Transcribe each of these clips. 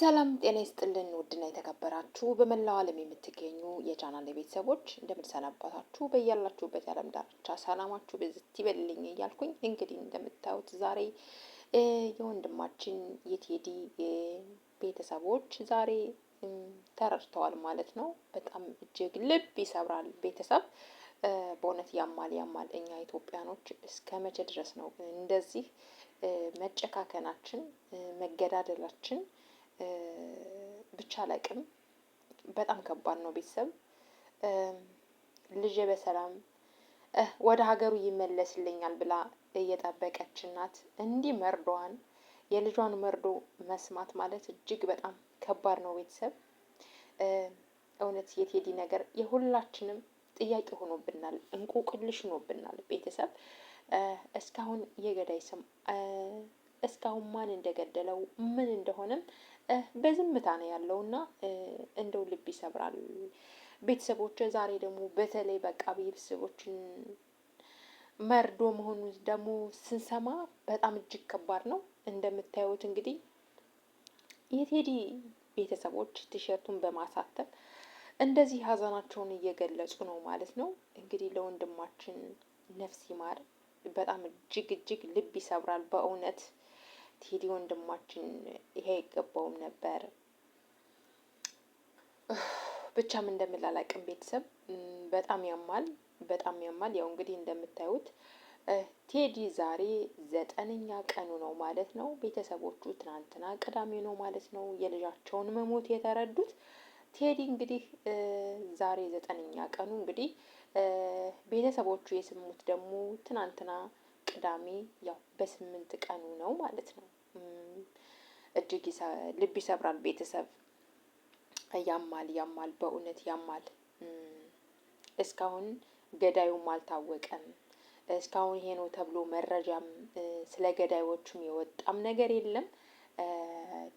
ሰላም ጤና ይስጥልን። ውድና የተከበራችሁ በመላው ዓለም የምትገኙ የቻናል ቤተሰቦች እንደምንሰናባታችሁ በያላችሁበት የዓለም ዳርቻ ሰላማችሁ በዝት ይበልልኝ እያልኩኝ እንግዲህ እንደምታዩት ዛሬ የወንድማችን የቴዲ ቤተሰቦች ዛሬ ተረድተዋል ማለት ነው። በጣም እጅግ ልብ ይሰብራል። ቤተሰብ በእውነት ያማል ያማል። እኛ ኢትዮጵያኖች እስከ መቼ ድረስ ነው እንደዚህ መጨካከናችን፣ መገዳደላችን ብቻ አላቅም። በጣም ከባድ ነው። ቤተሰብ ልጄ በሰላም ወደ ሀገሩ ይመለስልኛል ብላ እየጠበቀች ናት። እንዲህ መርዶዋን የልጇን መርዶ መስማት ማለት እጅግ በጣም ከባድ ነው። ቤተሰብ እውነት የቴዲ ነገር የሁላችንም ጥያቄ ሆኖብናል፣ እንቁቅልሽ ሆኖብናል። ቤተሰብ እስካሁን የገዳይ ስም እስካሁን ማን እንደገደለው ምን እንደሆነም በዝምታ ነው ያለውና እንደው ልብ ይሰብራል። ቤተሰቦች ዛሬ ደግሞ በተለይ በቃ ቤተሰቦችን መርዶ መሆኑ ደግሞ ስንሰማ በጣም እጅግ ከባድ ነው። እንደምታዩት እንግዲህ የቴዲ ቤተሰቦች ቲሸርቱን በማሳተፍ እንደዚህ ሀዘናቸውን እየገለጹ ነው ማለት ነው። እንግዲህ ለወንድማችን ነፍስ ይማር። በጣም እጅግ እጅግ ልብ ይሰብራል በእውነት። ቴዲ ወንድማችን ይሄ አይገባውም ነበር። ብቻም እንደምላላቅም ቤተሰብ በጣም ያማል፣ በጣም ያማል። ያው እንግዲህ እንደምታዩት ቴዲ ዛሬ ዘጠነኛ ቀኑ ነው ማለት ነው። ቤተሰቦቹ ትናንትና ቅዳሜ ነው ማለት ነው የልጃቸውን መሞት የተረዱት። ቴዲ እንግዲህ ዛሬ ዘጠነኛ ቀኑ እንግዲህ ቤተሰቦቹ የስሙት ደግሞ ትናንትና ቅዳሜ ያው በስምንት ቀኑ ነው ማለት ነው። እጅግ ልብ ይሰብራል። ቤተሰብ ያማል፣ ያማል፣ በእውነት ያማል። እስካሁን ገዳዩም አልታወቀም። እስካሁን ይሄ ነው ተብሎ መረጃም ስለ ገዳዮቹም የወጣም ነገር የለም።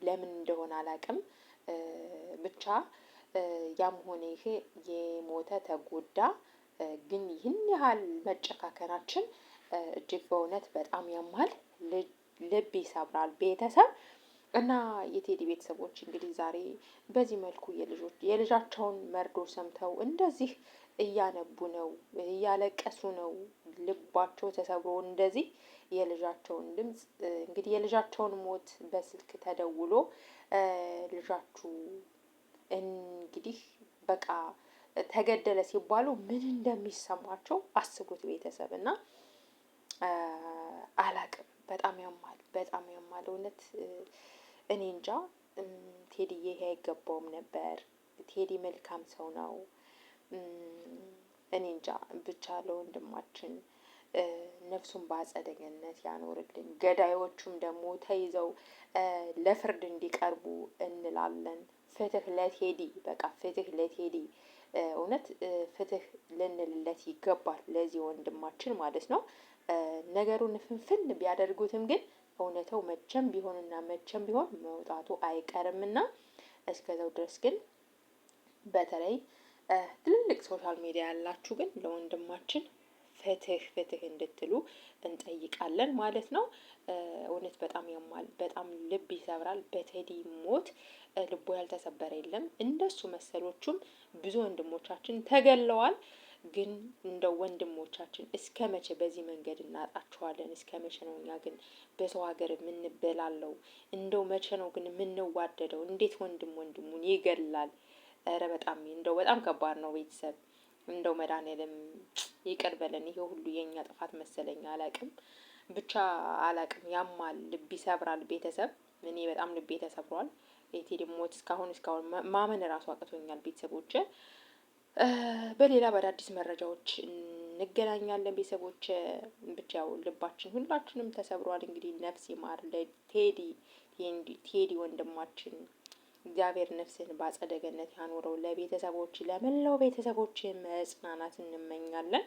ለምን እንደሆነ አላውቅም። ብቻ ያም ሆነ ይሄ የሞተ ተጎዳ፣ ግን ይህን ያህል መጨካከናችን እጅግ በእውነት በጣም ያማል፣ ልብ ይሰብራል። ቤተሰብ እና የቴዲ ቤተሰቦች እንግዲህ ዛሬ በዚህ መልኩ የልጆች የልጃቸውን መርዶ ሰምተው እንደዚህ እያነቡ ነው፣ እያለቀሱ ነው። ልባቸው ተሰብሮ እንደዚህ የልጃቸውን ድምፅ እንግዲህ የልጃቸውን ሞት በስልክ ተደውሎ ልጃችሁ እንግዲህ በቃ ተገደለ ሲባሉ ምን እንደሚሰማቸው አስቡት ቤተሰብ እና አላቅም። በጣም ያማል፣ በጣም ያማል። እውነት እኔ እንጃ ቴዲ ይሄ አይገባውም ነበር። ቴዲ መልካም ሰው ነው። እኔ እንጃ ብቻ ለወንድማችን ነፍሱን በአጸደ ገነት ያኖርልን። ገዳዮቹም ደግሞ ተይዘው ለፍርድ እንዲቀርቡ እንላለን። ፍትህ ለቴዲ በቃ ፍትህ ለቴዲ እውነት ፍትህ ልንልለት ይገባል ለዚህ ወንድማችን ማለት ነው። ነገሩን ፍንፍን ቢያደርጉትም ግን እውነታው መቼም ቢሆንና መቼም ቢሆን መውጣቱ አይቀርምና እስከዛው ድረስ ግን በተለይ ትልልቅ ሶሻል ሚዲያ ያላችሁ ግን ለወንድማችን ፍትህ ፍትህ እንድትሉ እንጠይቃለን ማለት ነው። እውነት በጣም ያማል፣ በጣም ልብ ይሰብራል። በቴዲ ሞት ልቦ ያልተሰበረ የለም። እንደሱ መሰሎቹም ብዙ ወንድሞቻችን ተገለዋል። ግን እንደ ወንድሞቻችን እስከ መቼ በዚህ መንገድ እናጣቸዋለን? እስከ መቼ ነው እኛ ግን በሰው ሀገር የምንበላለው? እንደው መቼ ነው ግን የምንዋደደው? እንዴት ወንድም ወንድሙን ይገላል? ረ በጣም እንደው በጣም ከባድ ነው ቤተሰብ እንደው መድኃኒዓለም ይቅር በለን። ይሄ ሁሉ የኛ ጥፋት መሰለኝ፣ አላቅም ብቻ አላቅም። ያማል፣ ልብ ይሰብራል። ቤተሰብ እኔ በጣም ልቤ ተሰብሯል። ቤቴ ደግሞ እስካሁን እስካሁን ማመን ራሱ አቅቶኛል። ቤተሰቦች በሌላ በአዳዲስ መረጃዎች እንገናኛለን። ቤተሰቦች ብቻ ያው ልባችን ሁላችንም ተሰብሯል። እንግዲህ ነፍስ ይማር ለቴዲ ቴዲ ወንድማችን እግዚአብሔር ነፍስህን በአጸደ ገነት ያኖረው። ለቤተሰቦች ለመላው ቤተሰቦች መጽናናት እንመኛለን።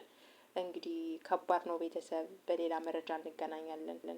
እንግዲህ ከባድ ነው ቤተሰብ። በሌላ መረጃ እንገናኛለን።